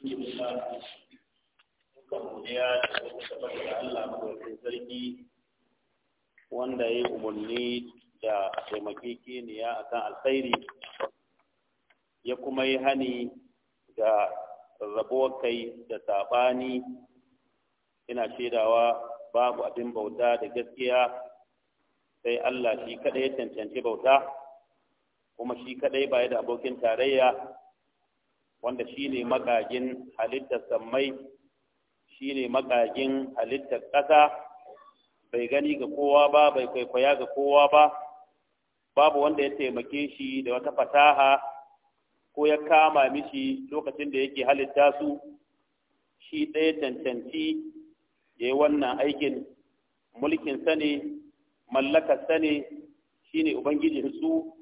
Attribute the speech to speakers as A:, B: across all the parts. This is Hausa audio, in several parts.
A: sarki
B: wanda ya umarni da taimakekeniya akan alkhairi ya kuma yi hani da rabuwar kai da saɓani ina shaidawa babu abin bauta da gaskiya sai Allah shi kaɗai ya cancanci bauta kuma shi kaɗai baya da abokin tarayya wanda shine magagin halittar sammai shine magagin halittar ƙasa bai gani ga kowa ba bai kwaikwaya ga kowa ba babu wanda ya taimake shi da wata fasaha ko ya kama mishi lokacin da yake halitta su shi ɗaya cancanci ya wannan aikin mulkin sani mallakar sani shine ubangiji su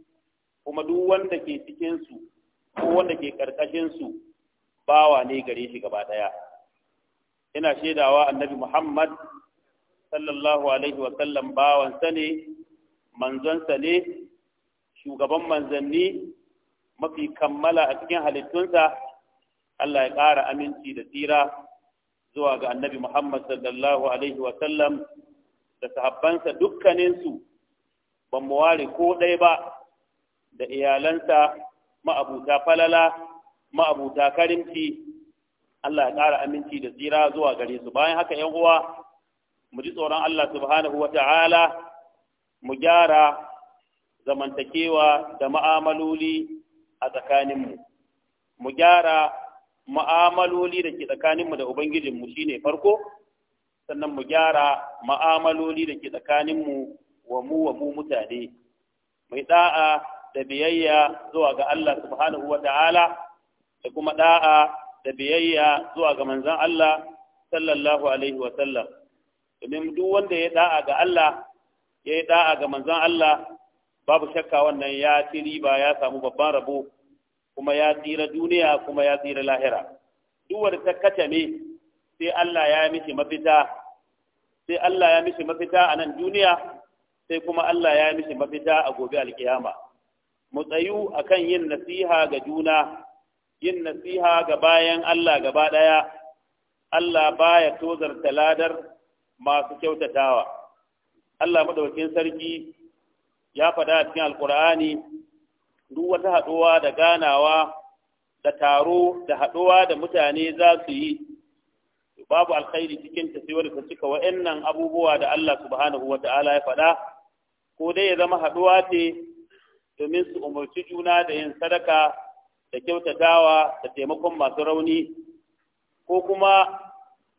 B: kuma duk wanda ke cikinsu ko wanda ke karkashin su bawa ne gare shi gaba ɗaya. ina shaidawa annabi Muhammad sallallahu alaihi wa sallam ne manzon ne shugaban manzanni mafi kammala a cikin halittunsa Allah ya ƙara aminci da tsira zuwa ga annabi Muhammad sallallahu alaihi wa sallam da sahabbansa dukkaninsu ban mu ware ko ɗaya ba da iyalansa ma'abuta falala ma'abuta karimci Allah ya ƙara aminci da tsira zuwa gare su bayan haka yan uwa mu ji tsoron Allah subhanahu wata'ala mu gyara zamantakewa da ma'amaloli a tsakaninmu mu gyara ma'amaloli da ke tsakaninmu da ubangijinmu shine farko sannan mu gyara ma'amaloli da ke tsakaninmu wa mu wa mu mutane mai da'a da biyayya zuwa ga Allah subhanahu wa ta'ala da kuma ɗa'a da biyayya zuwa ga manzan Allah sallallahu alaihi wa sallam domin duk wanda ya ɗa'a ga Allah ya yi ɗa'a ga manzon Allah babu shakka wannan ya ci riba ya samu babban rabo kuma ya tsira duniya kuma ya tsira lahira duk wanda ta kace ne sai Allah ya mishi mafita sai Allah ya mishi mafita a nan duniya sai kuma Allah ya mishi mafita a gobe alkiyama mu tsayu a kan yin nasiha ga juna yin nasiha ga bayan Allah gaba ɗaya Allah baya tozarta ladar masu kyautatawa Allah maɗaukin sarki ya faɗa a cikin alkur'ani duk wata haɗuwa da ganawa da taro da haɗuwa da mutane za su yi babu alkhairi cikin tasirwar ta cika wa'annan abubuwa da Allah subhanahu wa ya faɗa ko dai ya zama haɗuwa ce domin su umarci juna da yin sadaka da kyautatawa da taimakon masu rauni ko kuma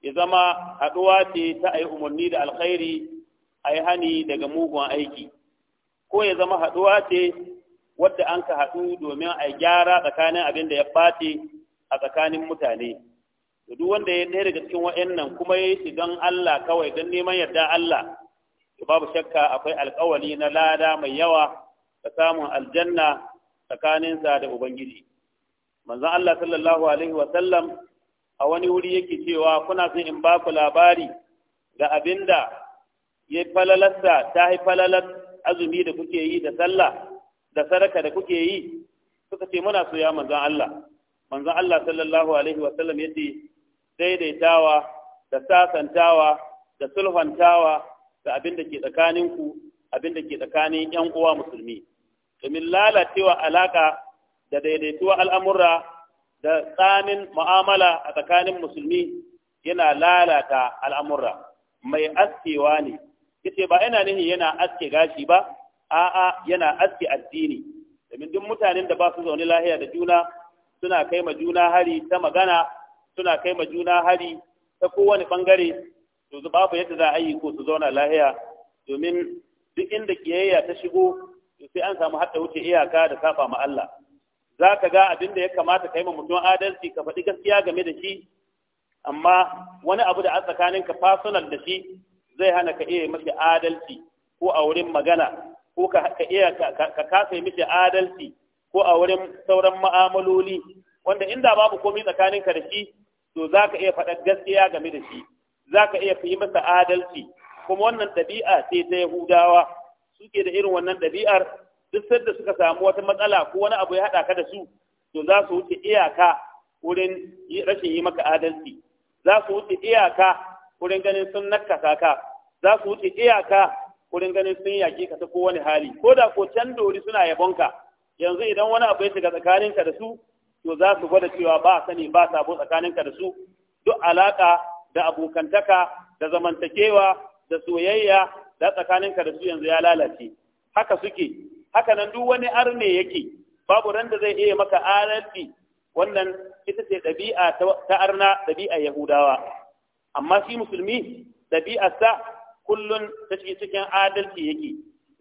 B: ya zama haɗuwa ce ta a yi umarni da alkhairi a yi hani daga mugun aiki ko ya zama haɗuwa ce wadda an ka haɗu domin a gyara tsakanin abin da ya ɓace a tsakanin mutane duk wanda ya ɗaya daga cikin wa'annan kuma ya yi shi don Allah kawai don neman yarda Allah to babu shakka akwai alkawali na lada mai yawa da samun aljanna tsakaninsa da ubangiji manzon Allah sallallahu alaihi wa sallam a wani wuri yake cewa kuna son in ba ku labari ga abinda ya falalarsa ta yi falalar azumi da kuke yi da sallah da sadaka da kuke yi suka ce muna so ya manzon Allah manzon Allah sallallahu alaihi wa sallam yace daidaitawa da sasantawa da sulhantawa da abin da ke tsakaninku abin da ke tsakanin yan uwa musulmi domin lalacewa alaka da daidaituwa al'amurra da tsamin mu'amala a tsakanin musulmi yana lalata al'amurra mai askewa ne kace ba ina nihin yana aske gashi ba a'a yana aske addini domin duk mutanen da ba su zaune lahiya da juna suna kai ma juna hari ta magana suna kai ma juna hari ta kowane bangare to babu yadda za a yi ko su zauna lahiya domin duk inda kiyayya ta shigo sai an samu hadda wuce iyaka da safa ma Allah za ka ga abin da ya kamata ka ma mutum adalci ka faɗi gaskiya game da shi amma wani abu da a tsakanin ka personal da shi zai hana ka iya mashi adalci ko a wurin magana ko ka iya ka kasa mishi adalci ko a wurin sauran ma'amaloli wanda inda babu komai tsakanin ka da shi to za ka iya faɗa gaskiya game da shi za ka iya fi masa adalci kuma wannan ɗabi'a ce ta yahudawa suke da irin wannan ɗabi'ar duk sanda suka samu wata matsala ko wani abu ya haɗa ka da su to za su wuce iyaka wurin rashin yi maka adalci za su wuce iyaka wurin ganin sun nakasa ka za su wuce iyaka wurin ganin sun yaƙi ka ta kowane hali ko da ko can dori suna yabonka yanzu idan wani abu ya shiga tsakaninka da su to za su gwada cewa ba sani ba sabo tsakaninka da su duk alaƙa da abokantaka da zamantakewa da soyayya da tsakaninka da su yanzu ya lalace haka suke haka nan duk wani arne yake babu ran da zai iya maka adalci wannan ita ce ɗabi'a ta arna ɗabi'a yahudawa amma shi musulmi ɗabi'a sa kullun ta cikin adalci yake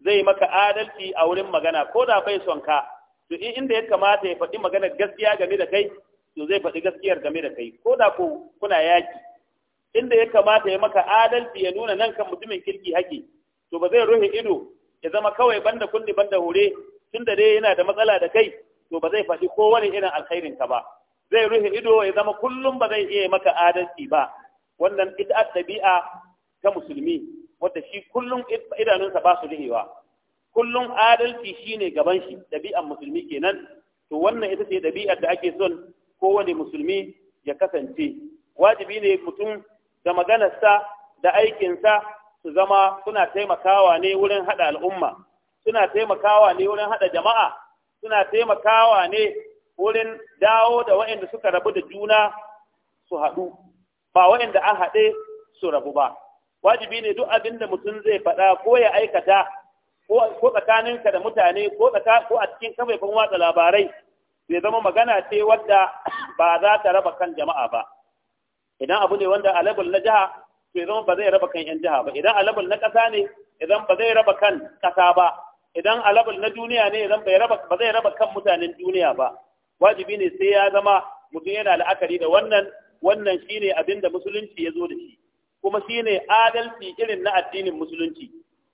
B: zai maka adalci a wurin magana ko da bai son ka to in inda ya kamata ya faɗi maganar gaskiya game da kai to zai faɗi gaskiyar game da kai ko da ko kuna yaki inda ya kamata ya maka adalci ya nuna nan kan mutumin kirki hake to ba zai ruhe ido ya zama kawai banda kundi banda hure tunda dai yana da matsala da kai to ba zai faɗi kowane irin alkhairin ka ba zai ruhe ido ya zama kullum ba zai iya maka adalci ba wannan ita ɗabi'a ta musulmi wadda shi kullum idanunsa ba su rihewa kullum adalci shine gaban shi ɗabi'an musulmi kenan to wannan ita ce ɗabi'ar da ake son kowane musulmi ya kasance wajibi ne mutum da maganarsa da aikinsa su zama suna taimakawa ne wurin haɗa al'umma suna taimakawa ne wurin haɗa jama'a suna taimakawa ne wurin dawo da waɗanda suka rabu da juna su haɗu ba waɗanda an haɗe su rabu ba wajibi ne duk abin da mutum zai faɗa ko ya aikata ko tsakaninka da mutane ko a cikin kafafen watsa labarai zai zama magana ce wadda ba za ta raba kan jama'a ba idan abu ne wanda a level na jiha to idan ba zai raba kan yan jiha ba idan a level na ƙasa ne idan ba zai raba kan ƙasa ba idan a level na duniya ne idan ba zai raba kan mutanen duniya ba wajibi ne sai ya zama mutum yana la'akari da wannan wannan shine abin da musulunci ya zo da shi kuma shine adalci irin na addinin musulunci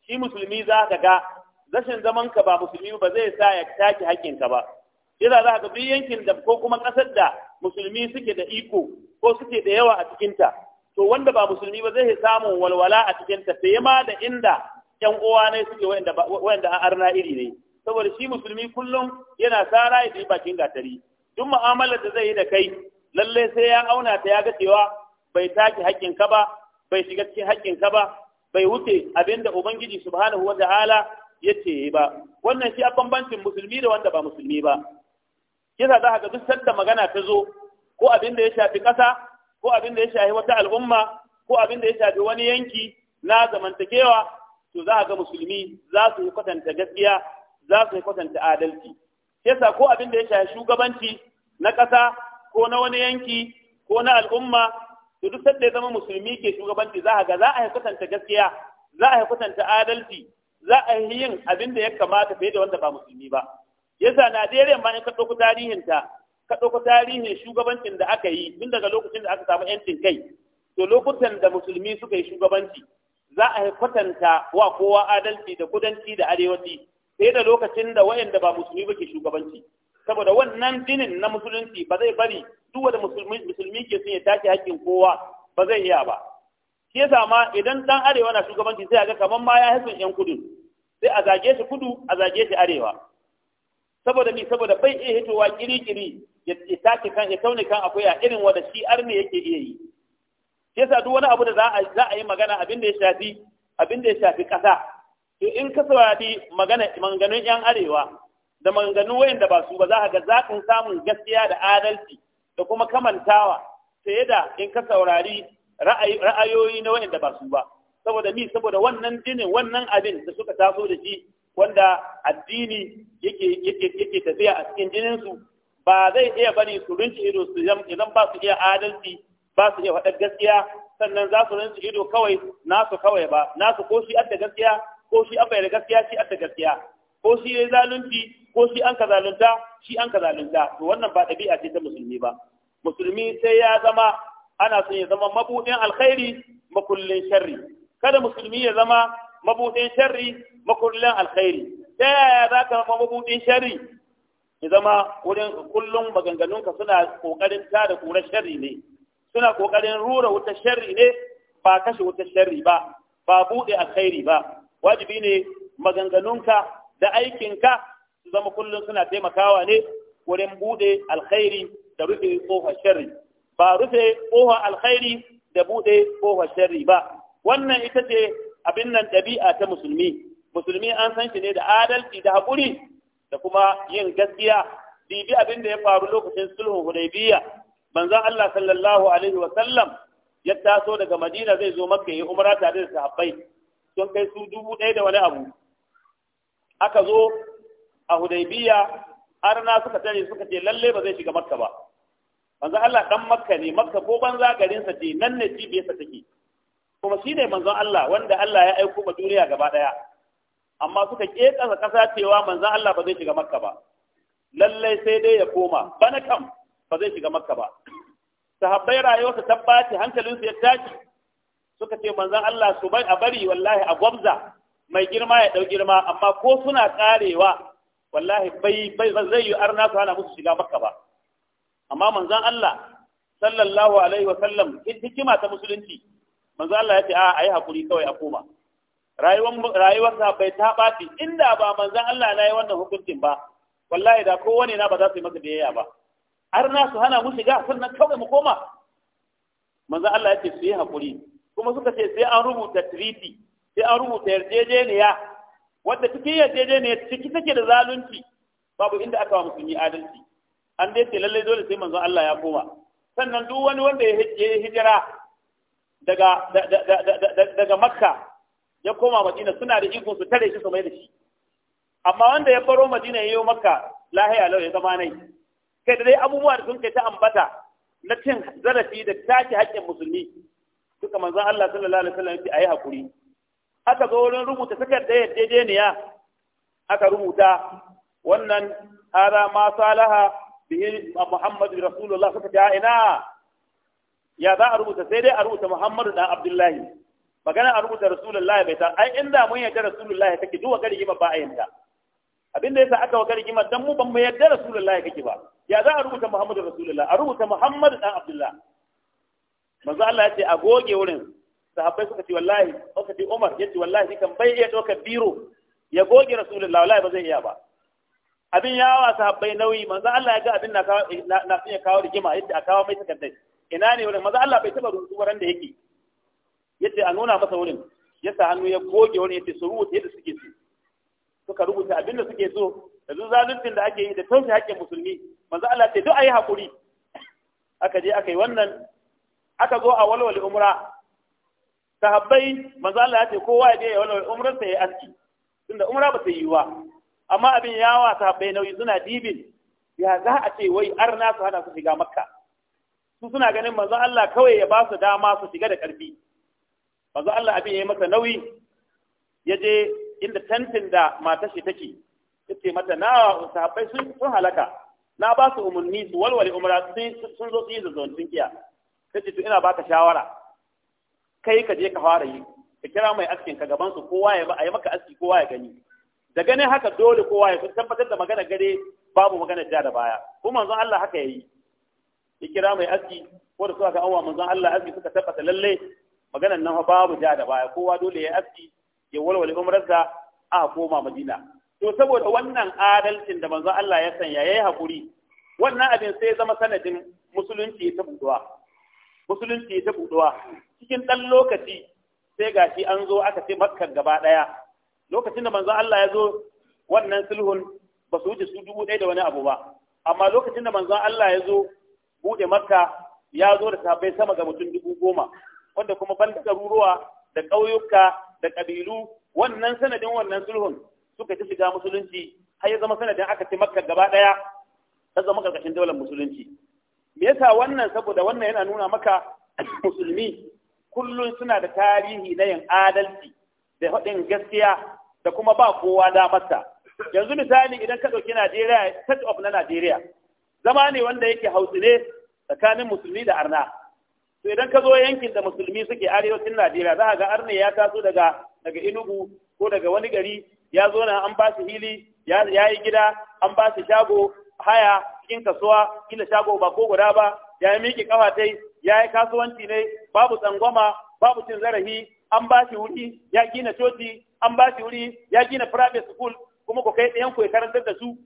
B: shi musulmi za ka ga rashin zaman ka ba musulmi ba zai sa ya take haƙƙinka ba yana za ga duk yankin da ko kuma kasar da musulmi suke da iko ko suke da yawa a cikinta to wanda ba musulmi ba zai samun walwala a cikinta sai ma da inda 'yan uwa ne suke wanda an arna iri ne saboda shi musulmi kullum yana sara ya yi bakin gatari duk mu'amalar da zai yi da kai lalle sai ya auna ta ya ga cewa bai take haƙƙin ka ba bai shiga cikin haƙƙin ka ba bai wuce abinda ubangiji subhanahu ta'ala ya ce ba wannan shi a bambancin musulmi da wanda ba musulmi ba kisa za ga duk sanda magana ta zo ko abin da ya shafi ƙasa ko abin da ya shafi wata al'umma ko abin da ya shafi wani yanki na zamantakewa to za ga musulmi za su yi kwatanta gaskiya za su yi kwatanta adalci yasa ko abin da ya shafi shugabanci na ƙasa ko na wani yanki ko na al'umma to duk sanda ya zama musulmi ke shugabanci za ga za a yi kwatanta gaskiya za a yi kwatanta adalci za a yi yin abin da ya kamata fiye da wanda ba musulmi ba yasa Najeriya ma in ka tarihin ta ka tarihin shugabancin da aka yi tun daga lokacin da aka samu yancin kai to lokutan da musulmi suka yi shugabanci za a kwatanta wa kowa adalci da kudanci da arewaci sai da lokacin da wayanda ba musulmi ba ke shugabanci saboda wannan dinin na musulunci ba zai bari duk wanda musulmi ke sun ya tashi hakkin kowa ba zai iya ba shi yasa ma idan ɗan arewa na shugabanci sai a ga kamar ma ya haifin yan kudu sai a zage shi kudu a zage shi arewa saboda mi saboda bai iya hitowa kirikiri ya take kan ya taune kan akuya irin wanda shi arne yake iya yi yasa duk wani abu da za a za a yi magana abin da ya shafi abin da ya shafi kasa to in ka saurari magana maganganun yan arewa da maganganun da ba su ba za ka ga zakin samun gaskiya da adalci da kuma kamantawa sai da in ka saurari ra'ayoyi na da ba su ba saboda mi saboda wannan dinin wannan abin da suka taso da shi wanda addini yake yake yake tafiya a cikin jinin su ba zai iya bari su rinci ido su idan ba su iya adalci ba su iya faɗar gaskiya sannan za su rinci ido kawai nasu kawai ba nasu ko shi adda gaskiya ko shi an da gaskiya shi adda gaskiya ko shi ya zalunci ko shi an ka zalunta shi an ka zalunta to wannan ba ɗabi'a ce ta musulmi ba musulmi sai ya zama ana son ya zama mabuɗin alkhairi makullin sharri kada musulmi ya zama Mabuɗin sharri makullin alkhairi ta yaya za ka zama mabudin sharri ya zama wurin kullum maganganunka suna ta tada kura sharri ne suna ƙoƙarin rura wuta sharri ne ba kashe wuta sharri ba ba bude alkhairi ba wajibi ne maganganunka da aikinka su zama kullum suna taimakawa ne wurin buɗe alkhairi da rufe kofar sharri ba rufe kofar alkhairi da buɗe kofar sharri ba wannan ita ce abin nan ɗabi'a ta musulmi musulmi an san shi ne da adalci da haƙuri da kuma yin gaskiya dibi abin da ya faru lokacin sulhun hudaybiya manzon Allah sallallahu alaihi wa sallam ya taso daga Madina zai zo Makka ya umra tare da sahabbai sun kai su dubu ɗaya da wani abu aka zo a hudaybiya na suka tare suka ce lalle ba zai shiga Makka ba manzon Allah dan Makka ne Makka ko banza garin sa ce nan ne cibiyarsa take kuma shi ne manzon Allah wanda Allah ya aiko ma duniya gaba ɗaya amma suka ƙetasa ƙasa cewa manzon Allah ba zai shiga makka ba lallai sai dai ya koma bana kam ba zai shiga makka ba sahabbai rayuwarsa ta hankalin su ya tashi suka ce manzon Allah su bai a bari wallahi a gwamza mai girma ya ɗau girma amma ko suna ƙarewa wallahi bai bai zai yi arna su hana musu shiga makka ba amma manzon Allah sallallahu alaihi wa sallam hikima ta musulunci manzo Allah ya ce a ayi hakuri kawai a koma rayuwar rayuwar bai ta baci inda ba manzo Allah na yi wannan hukuncin ba wallahi da kowane na ba za su yi masa biyayya ba har na su hana mu shiga sannan kawai mu koma manzo Allah ya ce su yi hakuri kuma suka ce sai an rubuta treaty sai an rubuta yarjejeniya wadda cikin yarjejeniya ciki take da zalunci babu inda aka wa musulmi adalci an dai ce lallai dole sai manzo Allah ya koma sannan duk wani wanda ya hijira daga makka ya koma madina suna da iko su tare shi su mai da shi amma wanda ya faro madina ya yi makka lahiya lau ya zama nai kai da dai abubuwa da sun kai ta ambata na cin zarafi da take haƙƙin musulmi suka manzon Allah sallallahu alaihi wasallam ya yi hakuri aka zo wurin rubuta takardar yarjejeniya aka rubuta wannan hada ma salaha bihi Muhammadu Rasulullah suka ta ina ya za a rubuta sai dai a rubuta Muhammadu dan Abdullahi magana a rubuta Rasulullahi bai ta ai inda mun yarda Rasulullahi kake duk wakar gima ba a yanda abinda yasa aka wakar gima, dan mu ban mu yarda Rasulullahi kake ba ya za a rubuta Muhammadu Rasulullahi a rubuta Muhammadu dan Abdullahi manzo Allah ya ce a goge wurin sahabbai suka ce wallahi suka ce Umar ya ce wallahi kan bai iya ɗaukar biro ya goge Rasulullahi wallahi ba zai iya ba abin yawa sahabbai nauyi manzo Allah ya ga abin na kawo na kawo rigima yadda a kawo mai takaddai ina ne wurin maza Allah bai taba rubutu wurin da yake yace a nuna masa wurin yasa hannu ya goge wurin yace su rubuta yadda suke so suka rubuta abin da suke so duk zaluncin da ake yi da tauce haƙƙin musulmi Maza Allah ce duk ayi hakuri aka je aka yi wannan aka zo a walwale umra sahabbai maza Allah ya ce kowa ya je ya walwale umran sa ya aski tunda umra ba ta yi wa amma abin yawa sahabbai nauyi suna dibin ya za a ce wai arna su hana su shiga makka su suna ganin manzo Allah kawai ya ba su dama su shiga da ƙarfi manzo Allah abin ya yi masa nauyi ya inda tantin da matar shi take yace mata na sahabbai sun sun halaka na ba su umarni su walwale umra sun zo su yi zazzon sun kiya tace to ina baka shawara kai ka je ka fara yi ka kira mai askin ka gaban su kowa ya ba a yi maka aski kowa ya gani da ganin haka dole kowa ya tabbatar da magana gare babu magana ja da baya kuma manzo Allah haka yayi ya kira mai aski ko da suka ga anwa manzon Allah aski suka tabbata lalle maganan nan babu ja da baya kowa dole ya aski ya walwale umrarsa a koma Madina to saboda wannan adalcin da manzon Allah ya sanya yayi hakuri wannan abin sai zama sanadin musulunci ta buduwa musulunci ta buduwa cikin dan lokaci sai gashi an zo aka ce makka gaba daya lokacin da manzon Allah ya zo wannan sulhun ba su wuce su dubu ɗaya da wani abu ba amma lokacin da manzon Allah ya zo buɗe makka ya zo da tabai sama ga mutum dubu goma wanda kuma ban da garuruwa da ƙauyuka da ƙabilu wannan sanadin wannan sulhun suka ci shiga musulunci har ya zama sanadin aka ci makka gaba ɗaya ta zama ƙarƙashin daular musulunci me yasa wannan saboda wannan yana nuna maka musulmi kullum suna da tarihi na yin adalci da haɗin gaskiya da kuma ba kowa damarsa yanzu misali idan ka ɗauki najeriya state of na najeriya zama ne wanda yake hausine tsakanin musulmi da arna to idan ka zo yankin da musulmi suke arewacin najeriya za a ga arne ya taso daga daga inugu ko daga wani gari ya zo na an ba shi hili ya yi gida an ba shi shago haya cikin kasuwa kila shago ba ko guda ba ya yi miƙe kafa tai ya yi kasuwanci ne babu tsangwama babu cin zarafi an ba shi wuri ya gina coci an ba shi wuri ya gina private school kuma ku kai ɗayan ku ya karantar da su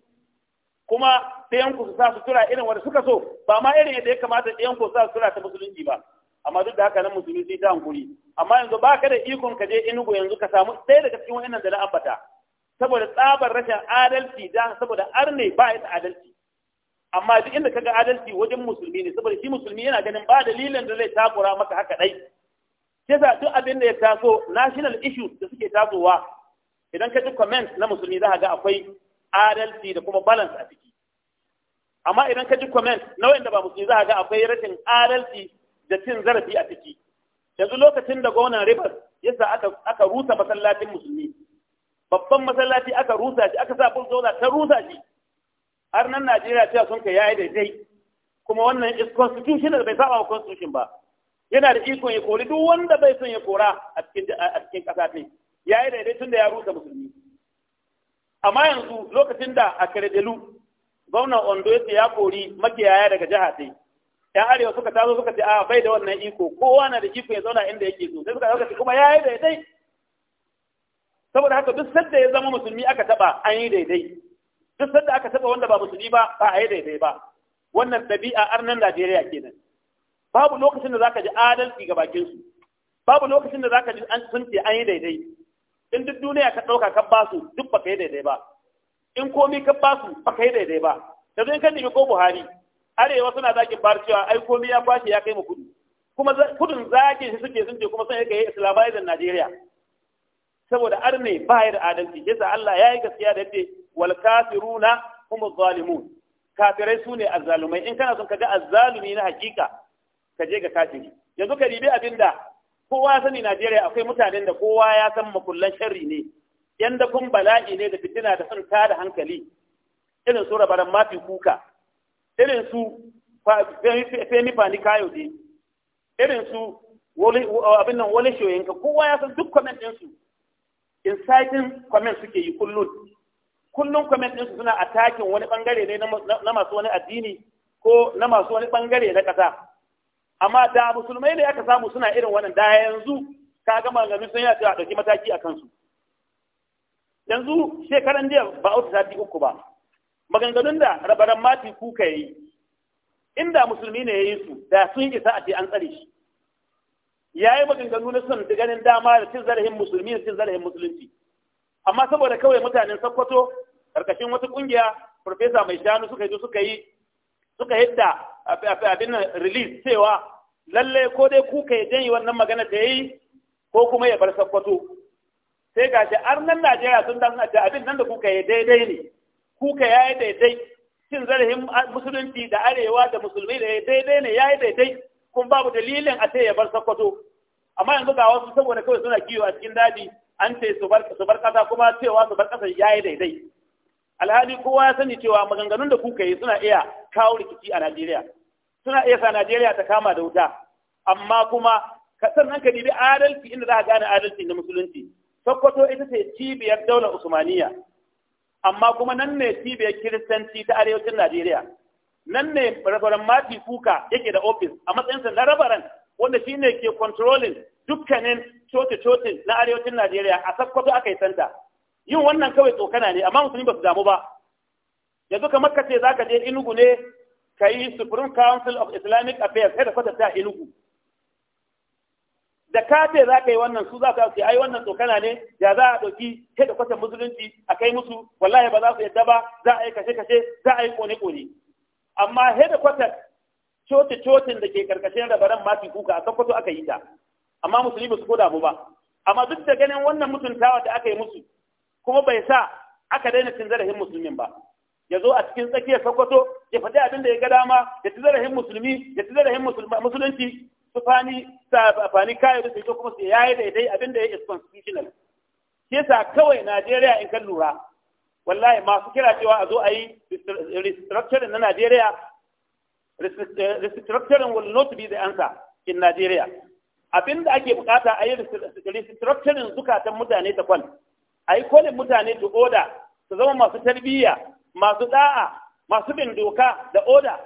B: kuma ɗayan ku su sa sutura irin wanda suka so ba ma irin yadda ya kamata ɗayan ku su sa sutura ta musulunci ba amma duk da haka nan musulmi sai ta hankuri amma yanzu ba ka da ikon ka je inugu yanzu ka samu ɗaya daga cikin wa'annan da na ambata saboda tsabar rashin adalci da saboda arne ba ya adalci amma duk inda ka ga adalci wajen musulmi ne saboda shi musulmi yana ganin ba dalilin da zai takura maka haka dai Kisa duk abin da ya taso national issues da suke tasowa idan ka ji comments na musulmi za ga akwai adalci da kuma balance a ciki amma idan ka ji comment na wanda ba musulmi za ga akwai rashin adalci da cin zarafi a ciki yanzu lokacin da gwamnan rivers yasa aka aka rusa masallacin musulmi babban masallaci aka rusa shi aka sa bulldozer ta rusa shi har nan Najeriya cewa sun kai yayi daidai kuma wannan is constitutional bai saba wa constitution ba yana da iko ya kori duk wanda bai son ya kora a cikin a cikin kasa ne yayi dai tunda ya rusa musulmi amma yanzu lokacin da a karedelu gwamnan ondo ya ya kori makiyaya daga jiha sai yan arewa suka tazo suka ce a bai da wannan iko kowa na da iko ya zauna inda yake so sai suka suka kuma ya yi daidai saboda haka duk sadda ya zama musulmi aka taba an yi daidai duk sadda aka taba wanda ba musulmi ba ba a yi daidai ba wannan ɗabi'a arnan Najeriya kenan babu lokacin da zaka ji adalci ga bakin su babu lokacin da zaka ji an sunce an yi daidai in duk duniya ka ɗauka ka basu duk baka yi daidai ba in komi ka basu baka yi daidai ba da zai kan nemi ko buhari arewa suna zakin bar cewa ai komi ya kwashe ya kai mu kudu kuma kudin zagin shi suke sun kuma sai ka yi islamizing najeriya saboda arne ba ya da adalci yasa allah ya yi gaskiya da yadda wal kafiruna kuma zalimun kafirai su ne azzalumai in kana son ka ga azzalumi na hakika ka je ga kafiri yanzu ka ribi da. kowa sani Najeriya akwai mutanen da kowa ya san makullan sharri ne yan kun bala'i ne da fitina da son tada hankali irin su rabaran mafi kuka irin su femi fani kayo ne irin su abin nan wani shoyinka kowa ya san duk comment ɗinsu inciting comment suke yi kullum kullum comment ɗinsu suna attacking wani bangare ne na masu wani addini ko na masu wani bangare na ƙasa amma da musulmai ne aka samu suna irin wannan da yanzu ka ga malami sun yace a dauki mataki a kansu yanzu shekaran jiya ba auta sati uku ba maganganun da rabaran mati kuka yi inda musulmi ne ya yi su da sun isa a ce an tsare shi yayi maganganu na son ganin dama da cin zarafin musulmi da cin zarafin musulunci amma saboda kawai mutanen sakkwato karkashin wata kungiya farfesa mai shanu suka yi suka yi suka yadda abin release cewa lalle ko dai kuka ya yi wannan magana da yayi ko kuma ya bar sakwato. sai shi har nan Najeriya sun dan da abin nan da kuka ya daidai ne kuka ya yi daidai cin zarafin musulunci da arewa da musulmi da ya daidai ne yayi yi daidai kun babu dalilin a ce ya bar sakwato. amma yanzu ga wasu saboda kawai suna kiwo a cikin daji an ce su bar kasa kuma cewa su bar kasa yayi daidai alhali kowa ya sani cewa maganganun da kuka yi suna iya kawo rikici a Najeriya suna iya sa Najeriya ta kama da wuta amma kuma ka sannan ka dibi adalci inda za ka gane adalci na musulunci Sokoto ita ce cibiyar daular Usmaniyya. amma kuma nan ne cibiyar kiristanci ta arewacin Najeriya nan ne rabaran Mati Kuka yake da ofis a matsayinsa na rabaran wanda shine ke controlling dukkanin coci-cocin na arewacin Najeriya a Sokoto aka yi santa yin wannan kawai tsokana ne amma musulmi ba su damu ba yanzu ka Makka ce za ka je inugu ne ka yi supreme council of islamic affairs sai da kwata ta inugu da ka ce za ka yi wannan su za ka ce ai wannan tsokana ne ya za a ɗauki sai da kwata musulunci a kai musu wallahi ba za su yadda ba za a yi kashe kashe za a yi kone kone amma sai da kwata coci cocin da ke karkashin rabaran mafi kuka a sakkwato aka yi ta amma musulmi ba su ko damu ba amma duk da ganin wannan mutuntawa da aka yi musu kuma bai sa aka daina cin zarafin musulmin ba ya zo a cikin tsakiyar sokoto ya faɗi abin da ya ga dama ya ci zarafin musulmi ya ci zarafin musulunci su fani fani kayan da su kuma su yayi daidai abin da ya is constitutional ke sa kawai najeriya in kan lura wallahi masu kira cewa a zo a yi restructuring na najeriya restructuring will not be the answer in najeriya abin da ake bukata a yi restructuring zukatan mutane ta kwan a yi kolin mutane to oda su zama masu tarbiyya masu da'a masu bin doka da oda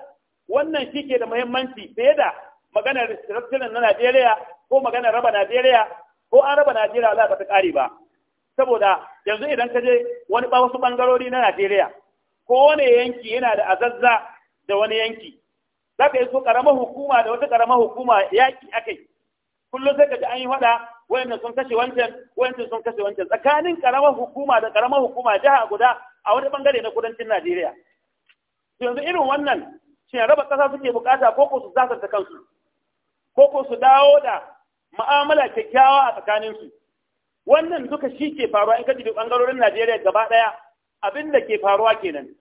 B: wannan shi ke da muhimmanci fiye da maganar tattalin na najeriya ko maganar raba najeriya ko an raba najeriya za ta kare ba saboda yanzu idan ka je wani wasu bangarori na najeriya ko wani yanki yana da azazza da wani yanki za ka yi so karamar hukuma da wata karamar hukuma yaki akai kullum sai ka ji an yi faɗa wayannan sun kashe wancan wayancan sun kashe wancan tsakanin karamar hukuma da karamar hukuma jiha guda a wani bangare na kudancin Najeriya yanzu irin wannan shin raba kasa suke bukata ko ko su zasanta kansu ko ko su dawo da ma'amala kyakkyawa a tsakanin su wannan duka shi ke faruwa in ka jibi bangarorin Najeriya gaba ɗaya. abin da ke faruwa kenan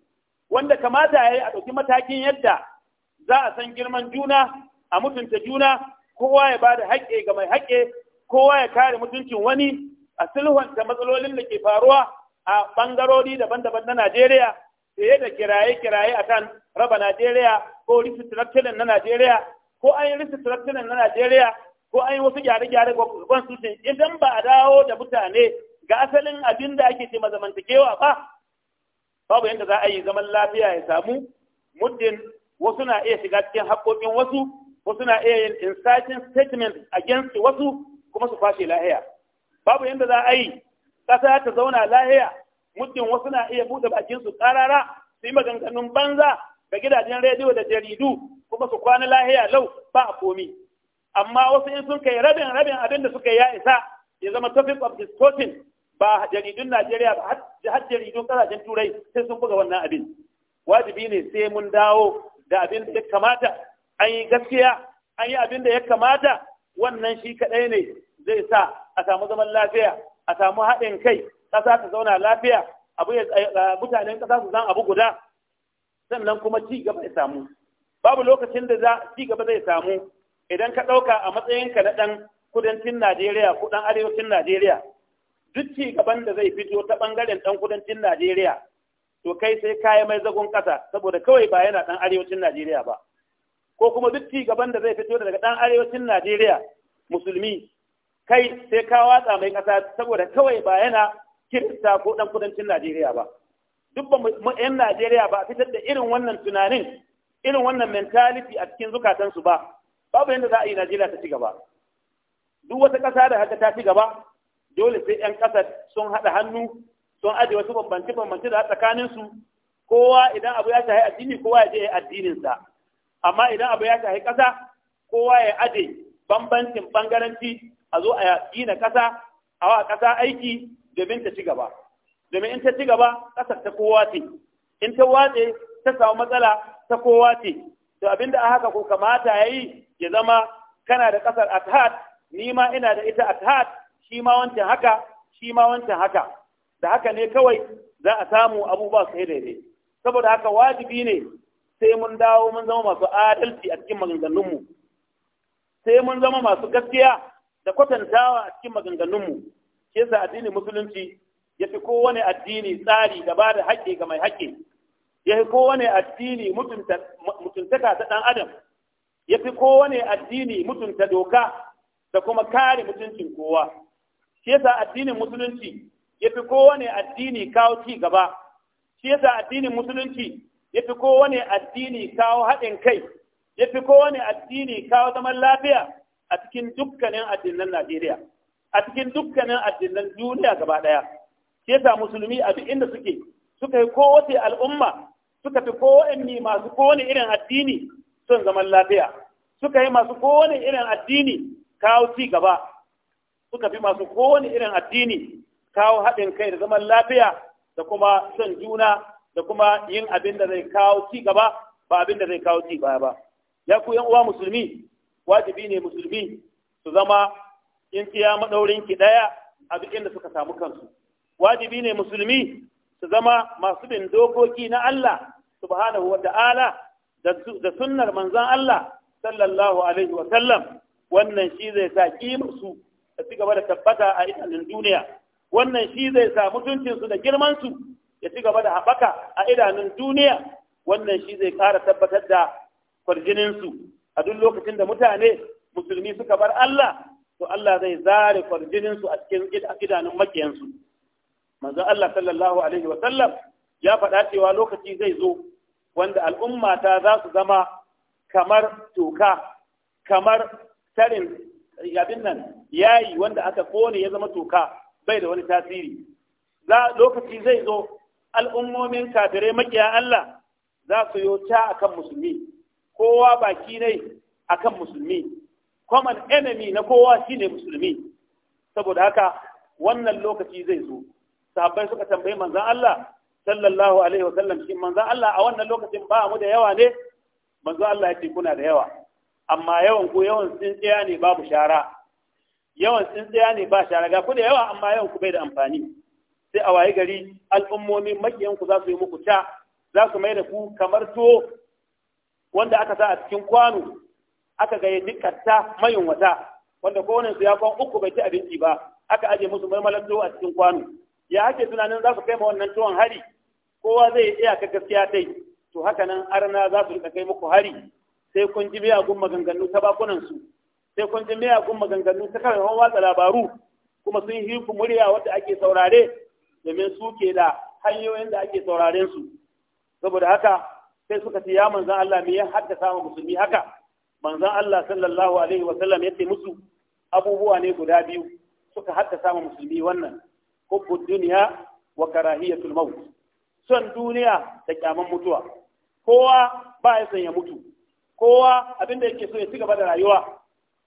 B: wanda kamata ya yi a ɗauki matakin yadda za a san girman juna a mutunta juna kowa ya ba da haƙƙe ga mai haƙƙe kowa ya kare mutuncin wani a sulhunta matsalolin da ke faruwa a bangarori daban-daban na Najeriya fiye da kiraye-kiraye a kan raba Najeriya ko restructuring na Najeriya ko an yi restructuring na Najeriya ko an yi wasu gyare-gyare constitution idan ba a dawo da mutane ga asalin abin da ake ce zamantakewa ba babu yadda za a yi zaman lafiya ya samu muddin wasu na iya shiga cikin haƙoƙin wasu wasu na iya yin inciting statement against wasu kuma su kwashe lahiya babu yanda za a yi ƙasa ta zauna lahiya muddin wasu na iya buɗe bakin su ƙarara su yi maganganun banza ga gidajen rediyo da jaridu kuma su kwana lahiya lau ba a komi amma wasu in sun kai rabin rabin abin da suka ya isa ya zama topic of discussion ba jaridun Najeriya ba har jaridun ƙasashen turai sai sun buga wannan abin wajibi ne sai mun dawo da abin da ya kamata an yi gaskiya an yi abin da ya kamata wannan shi kaɗai ne zai sa a samu zaman lafiya a samu haɗin kai ƙasa ta zauna lafiya abu ya mutanen ƙasa su zan abu guda sannan kuma ci gaba ya samu babu lokacin da za ci gaba zai samu idan ka ɗauka a matsayinka na ɗan kudancin Najeriya ko ɗan arewacin Najeriya duk ci gaban da zai fito ta ɓangaren ɗan kudancin Najeriya to kai sai kayi mai zagon ƙasa saboda kawai ba yana ɗan arewacin Najeriya ba ko kuma duk ci gaban da zai fito daga dan arewacin Najeriya musulmi kai sai ka watsa mai kasa saboda kawai ba yana kirista ko dan kudancin Najeriya ba. Duk ba ‘yan Najeriya ba fitar da irin wannan tunanin, irin wannan mentality a cikin zukatansu ba, babu yanda za a yi Najeriya ta ci gaba. Duk wata ƙasa da haka ta ci gaba, dole sai ‘yan kasa sun haɗa hannu, sun ajiye wasu bambance-bambance da su kowa idan abu ya shahi addini kowa ya je addinin addininsa. amma idan abu ya shahi ƙasa kowa ya aje bambancin bangaranci a zo a gina kasa a wa ƙasa aiki domin ta ci gaba domin in ta ci gaba ƙasar ta kowa ce in ta watse ta samu matsala ta kowa ce to abinda a haka ko kamata yayi ya zama kana da ƙasar athat ni ma ina da ita athat shi ma wancan haka shi ma wancan haka da haka ne kawai za a samu abubuwa su daidai saboda haka wajibi ne sai mun dawo mun zama masu adalci a cikin maganganunmu sai mun zama masu gaskiya da kwatantawa a cikin maganganunmu Ke sa addini musulunci ya fi kowane addini tsari da ba da haƙƙi ga mai haƙƙi ya fi kowane addini mutuntaka ta ɗan adam ya fi kowane addini mutunta doka da kuma kare mutuncin kowa Ke sa addinin musulunci ya fi kowane addini kawo ci gaba Ke sa addinin musulunci Yafi fi kowane addini kawo haɗin kai Yafi fi kowane addini kawo zaman lafiya a cikin dukkanin addinan Najeriya a cikin dukkanin addinan duniya gaba ɗaya ke sa musulmi a duk inda suke suka yi kowace al'umma suka fi kowanne masu kowane irin addini son zaman lafiya suka yi masu kowane irin addini kawo ci gaba suka fi masu kowane irin addini kawo haɗin kai da zaman lafiya da kuma son juna da kuma yin abin da zai kawo ci gaba ba abin da zai kawo ci baya ba ya ku yan uwa musulmi wajibi ne musulmi su zama in tiya madaurin ki daya a duk inda suka samu kansu wajibi ne musulmi su zama masu bin dokoki na Allah subhanahu wa ta'ala da sunnar manzon Allah sallallahu alaihi wa sallam wannan shi zai sa kimarsu da su gaba da tabbata a idanun duniya wannan shi zai sa mutuncinsu da girmansu ya ci gaba da haɓaka a idanun duniya wannan shi zai ƙara tabbatar da kwarjininsu a duk lokacin da mutane musulmi suka bar Allah to Allah zai zare kwarjininsu a cikin idanun makiyansu manzo Allah sallallahu alaihi wa sallam ya faɗa cewa lokaci zai zo wanda al'umma ta za su zama kamar toka kamar tarin abin nan yayi wanda aka kone ya zama toka bai da wani tasiri lokaci zai zo al'ummomin kafirai makiya Allah za su yi a kan musulmi kowa baki ne a kan musulmi common enemy na kowa shine musulmi saboda haka wannan lokaci zai zo sahabbai suka tambayi manzan Allah sallallahu alaihi wasallam shi manzan Allah a wannan lokacin ba mu da yawa ne manzan Allah ya ce kuna da yawa amma yawan ku yawan tsintsiya ne babu shara yawan tsintsiya ne ba shara ga ku da yawa amma yawan ku bai da amfani sai a waye gari al'ummomi makiyanku za su yi muku ta za su mai da ku kamar to wanda aka sa a cikin kwano aka ga yadda katta mayin wata wanda wannan su ya kwan uku bai ci abinci ba aka aje musu marmalar tuwo a cikin kwano ya ake tunanin za su kai ma wannan tuwon hari kowa zai iya ka gaskiya dai to haka nan arna za su rika kai muku hari sai kun ji miyagun maganganu ta bakunan su sai kun ji miyagun maganganu ta kawai watsa labaru kuma sun yi murya wadda ake saurare domin su ke da hanyoyin da ake sauraren su saboda haka sai suka ce ya manzan Allah me ya haddasa samu musulmi haka manzan Allah sallallahu alaihi wa sallam ya ce musu abubuwa ne guda biyu suka hadda samu musulmi wannan hubbud duniya wa karahiyatul maut son duniya da kyaman mutuwa kowa ba ya son ya mutu kowa abin da yake so ya ci gaba da rayuwa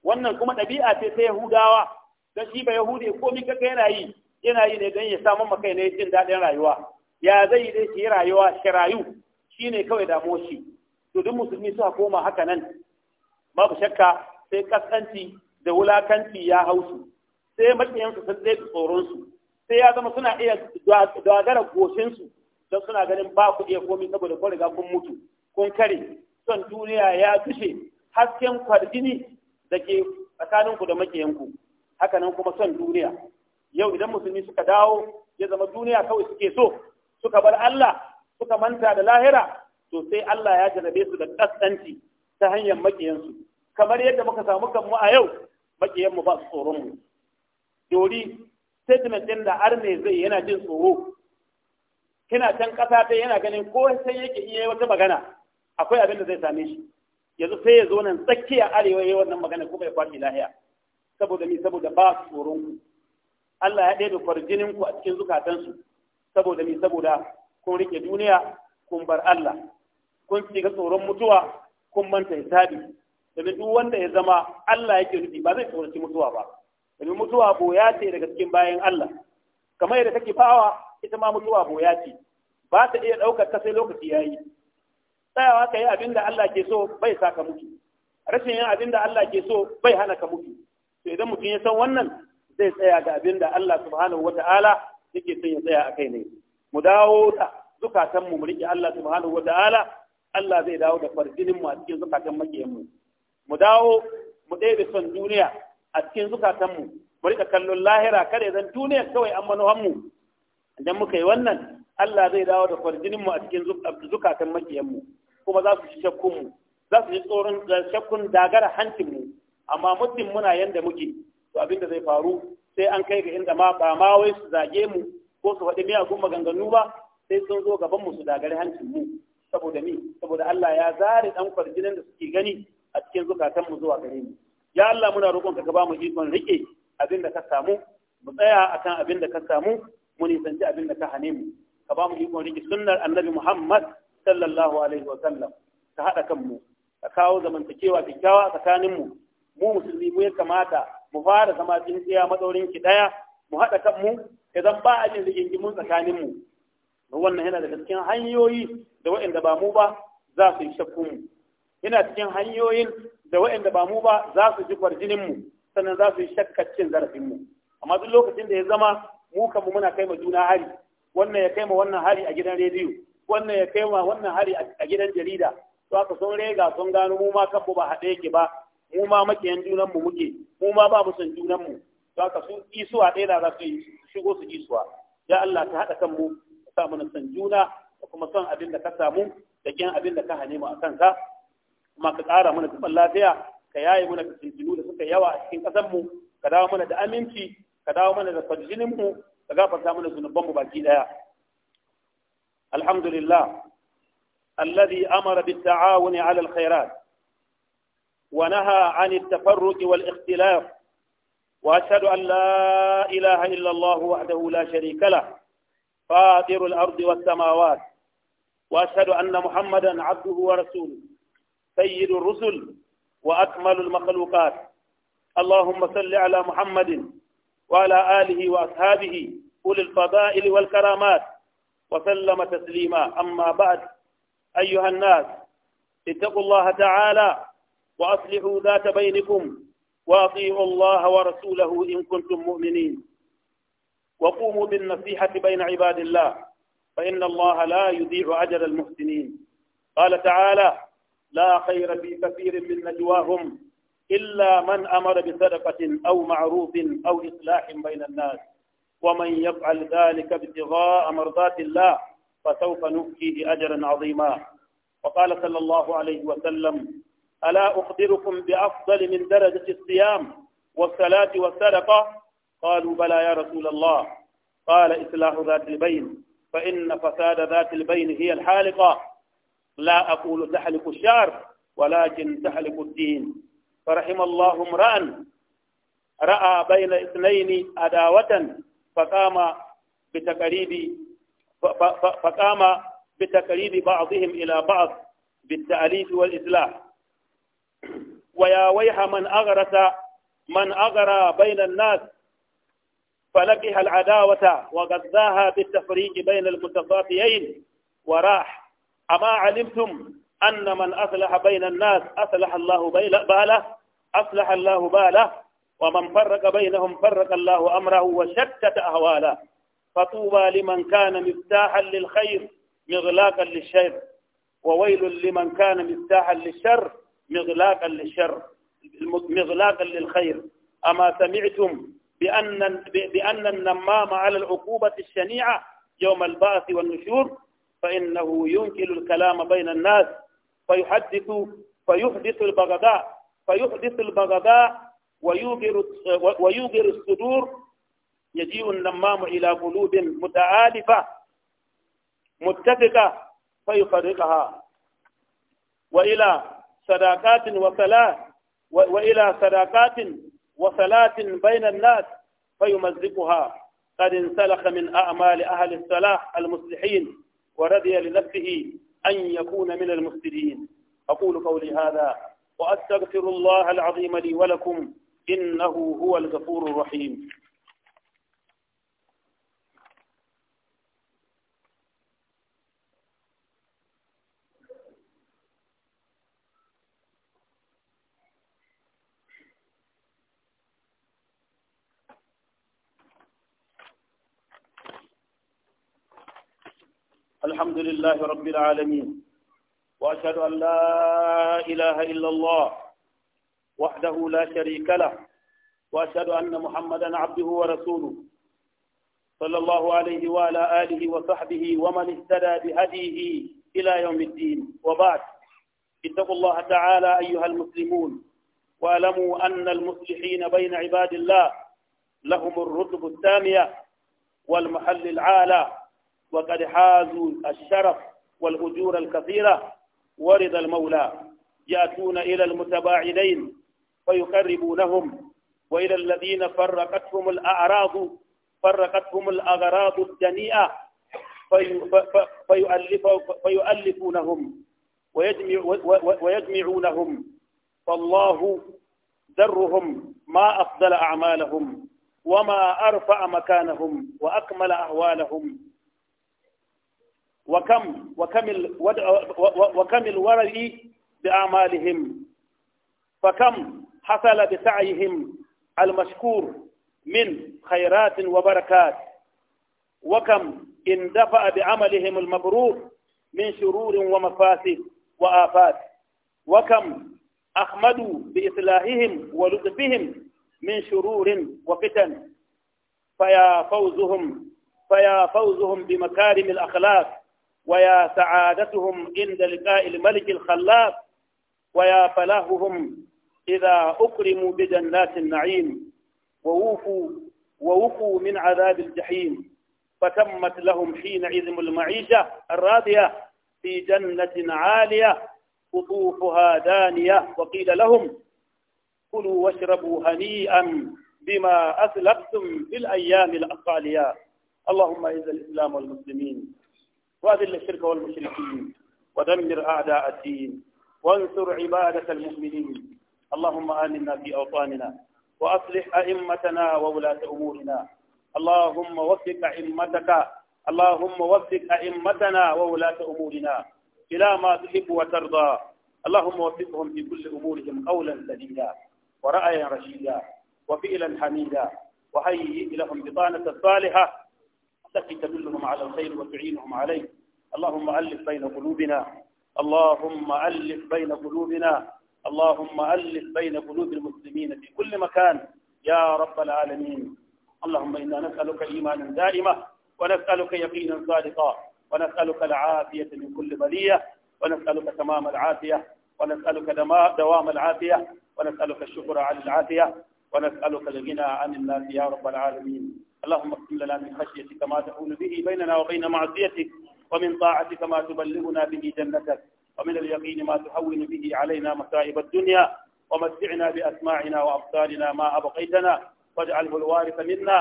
B: wannan kuma ɗabi'a ce ta Yahudawa don shi ba Yahude ko mi kaga yana yi yana yi ne don ya samu makai ne jin daɗin rayuwa ya zai yi dai shi rayuwa shi rayu shine kawai damuwar shi to duk musulmi suka koma haka nan babu shakka sai kaskanci da wulakanci ya hausu sai maƙiyansu sun zai tsoron su sai ya zama suna iya dogara goshin don suna ganin ba ku iya komi saboda kun riga kun mutu kun kare son duniya ya tushe hasken kwarjini da ke tsakaninku da maƙiyanku haka nan kuma son duniya yau idan musulmi suka dawo ya zama duniya kawai suke so suka bar Allah suka manta da lahira to sai Allah ya jarabe su da kaskanci ta hanyar makiyansu kamar yadda muka samu kan mu a yau mu ba su tsoron mu dori statement din da arne zai yana jin tsoro kina can kasa ta yana ganin ko sai yake iya wata magana akwai abin da zai same shi yanzu sai ya zo nan tsakiya arewa yayin wannan magana ko ya kwashi lahiya saboda ni saboda ba tsoron mu Allah ya ɗebe farjinin ku a cikin zukatansu saboda ni saboda kun rike duniya kun bar Allah kun shiga tsoron mutuwa kun manta hisabi domin duk wanda ya zama Allah ya yake nufi ba zai tsoraci mutuwa ba domin mutuwa boya ce daga cikin bayan Allah kamar yadda take fawa ita ma mutuwa boya ce ba ta iya ɗaukar ta sai lokaci ya yi tsayawa ka yi abin da Allah ke so bai sa ka mutu rashin yin abin da Allah ke so bai hana ka mutu to idan mutum ya san wannan zai tsaya ga abin da Allah subhanahu wa ta'ala yake son ya tsaya a kai ne mu dawo da zukatan mu riƙe Allah subhanahu wa ta'ala Allah zai dawo da farjinin mu a cikin zukatan makiyan mu mu dawo mu ɗebe son duniya a cikin zukatan mu mu riƙa kallon lahira kare zan duniya kawai an manuhan mu idan muka yi wannan Allah zai dawo da farjinin mu a cikin zukatan makiyan mu kuma za su ci shakkun mu za su ji tsoron shakkun dagara hancin mu amma muddin muna yanda muke to abin da zai faru sai an kai ga inda ma ba ma wai su zage mu ko su faɗi miyagun maganganu ba sai sun zo gaban mu su dagare hancin mu saboda ni saboda Allah ya zare dan kwarjinin da suke gani a cikin zukatan mu zuwa gare mu ya Allah muna roƙon ka ba mu ikon rike abin da ka samu mu tsaya akan abin da ka samu mu nisanci abin da ka hane mu ka ba mu ikon rike sunnar annabi Muhammad sallallahu alaihi wa sallam ka haɗa kanmu ka kawo zamantakewa kyakkyawa tsakanin mu mu musulmi mu ya kamata mu fara zama tsintsiya matsaurin ki daya mu haɗa mu idan ba a jin rigingimun tsakaninmu wannan yana daga cikin hanyoyi da wa'anda ba mu ba za su yi shakkun yana cikin hanyoyin da wa'anda ba mu ba za su ji kwarjininmu sannan za su yi shakkacin zarafinmu amma duk lokacin da ya zama mu mu muna kai ma juna hari wannan ya kai ma wannan hari a gidan rediyo wannan ya kai ma wannan hari a gidan jarida to aka sun rega sun gano mu ma kanmu ba haɗe yake ba mu ma makiyan junan mu muke mu ma ba mu san junan mu haka su isuwa ɗaya da za su shigo su isuwa ya Allah ka haɗa kan mu ka sa mana san juna ka kuma son abin da ka samu da kyan abin da ka hane mu a kanka kuma ka ƙara mana zaman lafiya ka yaye mana fitintinu da suka yawa a cikin ƙasar mu ka dawo mana da aminci ka dawo mana da farjinin mu ka gafarta mana zunuban mu baki ɗaya alhamdulillah الذي أمر بالتعاون على الخيرات ونهى عن التفرق والاختلاف وأشهد أن لا إله إلا الله وحده لا شريك له فاطر الأرض والسماوات وأشهد أن محمدا عبده ورسوله سيد الرسل وأكمل المخلوقات اللهم صل على محمد وعلى آله وأصحابه أولي الفضائل والكرامات وسلم تسليما أما بعد أيها الناس اتقوا الله تعالى وأصلحوا ذات بينكم وأطيعوا الله ورسوله إن كنتم مؤمنين وقوموا بالنصيحة بين عباد الله فإن الله لا يضيع أجر المحسنين قال تعالى لا خير في كثير من نجواهم إلا من أمر بصدقة أو معروف أو إصلاح بين الناس ومن يفعل ذلك ابتغاء مرضات الله فسوف نؤتيه أجرا عظيما وقال صلى الله عليه وسلم ألا أخبركم بأفضل من درجة الصيام والصلاة والصدقة قالوا بلى يا رسول الله قال إصلاح ذات البين فإن فساد ذات البين هي الحالقة لا أقول تحلق الشعر ولكن تحلق الدين فرحم الله امرأ رأى بين اثنين عداوة فقام بتقريب فقام بتقريب بعضهم إلى بعض بالتأليف والإصلاح ويا ويح من أغرس من أغرى بين الناس فلقح العداوة وغذاها بالتفريج بين المتطافيين وراح أما علمتم أن من أصلح بين الناس أصلح الله باله أصلح الله باله ومن فرق بينهم فرق الله أمره وشتت أهواله فطوبى لمن كان مفتاحا للخير مغلاقا للشر وويل لمن كان مفتاحا للشر مغلاقا للشر مغلاقا للخير أما سمعتم بأن, بأن النمام على العقوبة الشنيعة يوم البعث والنشور فإنه ينكل الكلام بين الناس فيحدث فيحدث البغضاء فيحدث البغضاء ويوقر ويوقر الصدور يجيء النمام إلى قلوب متآلفة متفقة فيفرقها وإلى صداقات وصلاة وإلى صداقات وصلاة بين الناس فيمزقها قد انسلخ من أعمال أهل الصلاح المصلحين ورضي لنفسه أن يكون من المفسدين أقول قولي هذا وأستغفر الله العظيم لي ولكم إنه هو الغفور الرحيم الحمد لله رب العالمين وأشهد أن لا إله إلا الله وحده لا شريك له وأشهد أن محمدا عبده ورسوله صلى الله عليه وعلى آله وصحبه ومن اهتدى بهديه إلى يوم الدين وبعد اتقوا الله تعالى أيها المسلمون واعلموا أن المصلحين بين عباد الله لهم الرتب السامية والمحل العالى وقد حازوا الشرف والأجور الكثيرة ورد المولى يأتون إلى المتباعدين فيقربونهم وإلى الذين فرقتهم الأعراض فرقتهم الأغراض الدنيئة فيؤلفونهم ويجمع ويجمعونهم فالله ذرهم ما أفضل أعمالهم وما أرفع مكانهم وأكمل أهوالهم وكم وكم وكم الورع بأعمالهم فكم حصل بسعيهم المشكور من خيرات وبركات وكم اندفع بعملهم المبرور من شرور ومفاسد وآفات وكم أحمدوا بإصلاحهم ولطفهم من شرور وفتن فيا فوزهم فيا فوزهم بمكارم الأخلاق ويا سعادتهم عند لقاء الملك الخلاق ويا فلاحهم إذا أكرموا بجنات النعيم ووفوا ووفوا من عذاب الجحيم فتمت لهم حينئذ المعيشة الراضية في جنة عالية قطوفها دانية وقيل لهم كلوا واشربوا هنيئا بما أسلفتم في الأيام الأقالية اللهم إذا الإسلام والمسلمين وأذل الشرك والمشركين ودمر أعداء الدين وانصر عبادة المؤمنين اللهم آمنا في أوطاننا وأصلح أئمتنا وولاة أمورنا اللهم وفق أئمتك اللهم وفق أئمتنا وولاة أمورنا إلى ما تحب وترضى اللهم وفقهم في كل أمورهم قولا سديدا ورأيا رشيدا وفئلا حميدا وهيئ لهم بطانة صالحة تقي تدلهم على الخير وتعينهم عليه اللهم ألف بين قلوبنا اللهم ألف بين قلوبنا اللهم ألف بين قلوب المسلمين في كل مكان يا رب العالمين اللهم إنا نسألك إيمانا دائما ونسألك يقينا صادقا ونسألك العافية من كل بلية ونسألك تمام العافية ونسألك دوام العافية ونسألك الشكر على العافية ونسألك الغنى عن الناس يا رب العالمين اللهم اقسم لنا من خشيتك ما تحول به بيننا وبين معصيتك ومن طاعتك ما تبلغنا به جنتك ومن اليقين ما تهون به علينا مصائب الدنيا ومتعنا بأسماعنا وأبصارنا ما أبقيتنا واجعله الوارث منا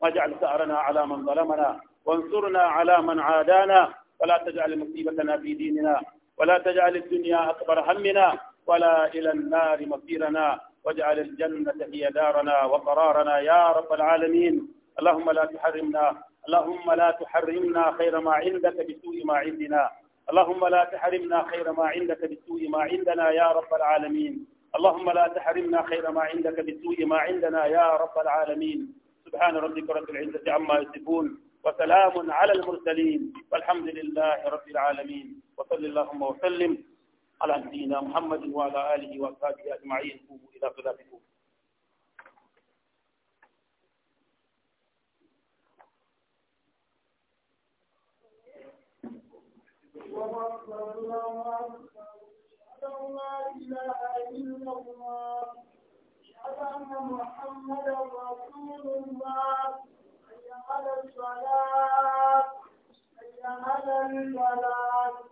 B: واجعل ثأرنا على من ظلمنا وانصرنا على من عادانا ولا تجعل مصيبتنا في ديننا ولا تجعل الدنيا أكبر همنا ولا إلى النار مصيرنا واجعل الجنة هي دارنا وقرارنا يا رب العالمين اللهم لا تحرمنا اللهم لا تحرمنا خير ما عندك بسوء ما عندنا اللهم لا تحرمنا خير ما عندك بسوء ما عندنا يا رب العالمين اللهم لا تحرمنا خير ما عندك بسوء ما عندنا يا رب العالمين سبحان ربك رب العزة عما يصفون وسلام على المرسلين والحمد لله رب العالمين وصل اللهم وسلم على نبينا محمد وعلى آله وصحبه أجمعين قوموا إلى
A: صلاتكم لا إله إلا الله أشهد أن محمدا رسول الله حي على الصلاة حي على الفلاح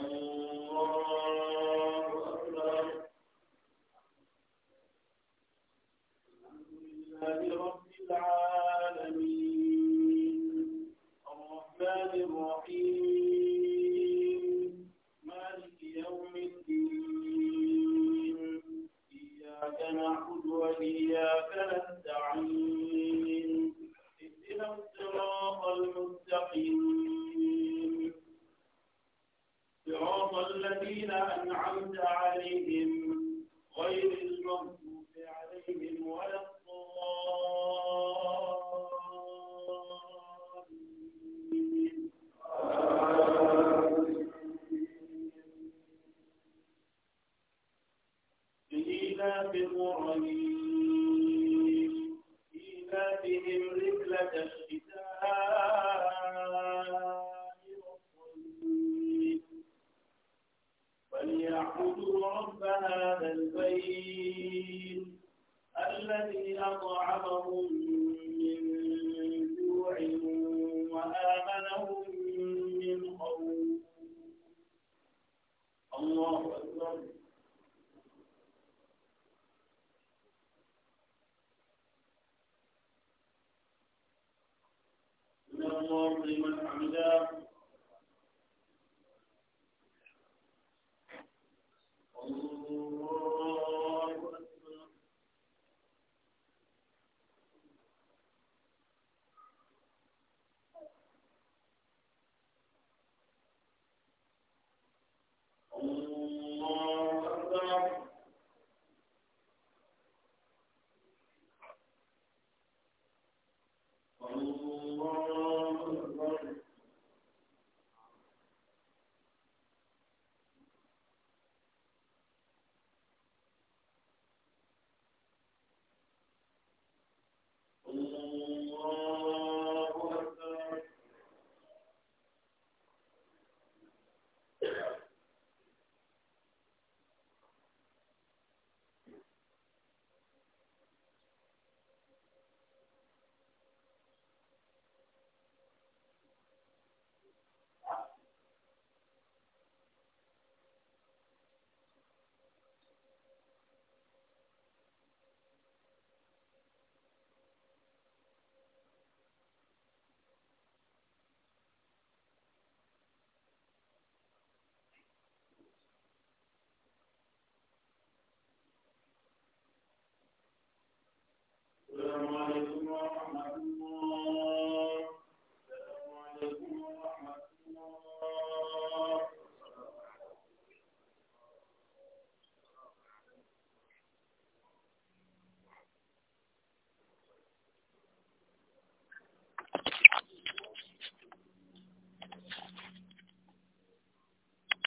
A: الله Gracias عليكم ورحمة الله